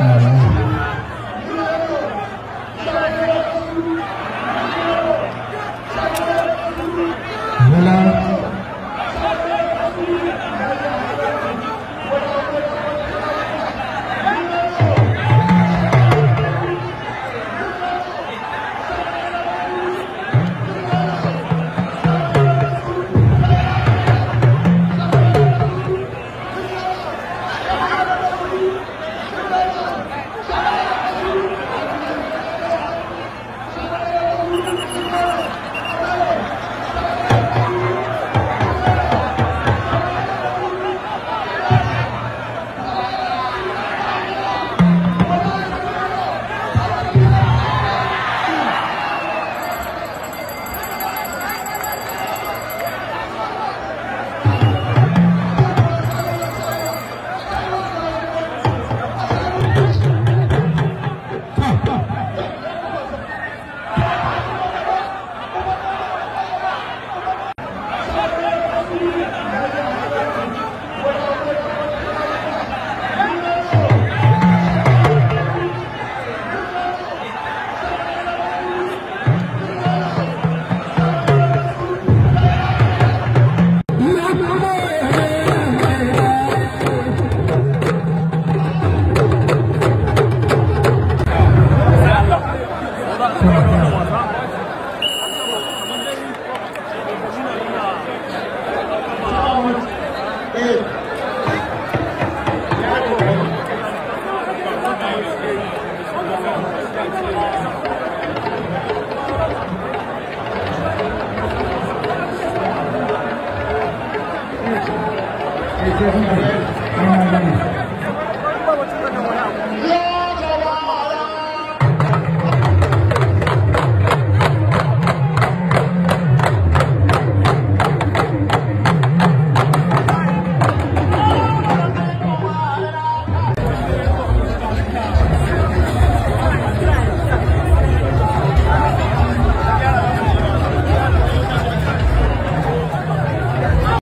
Uh, 结婚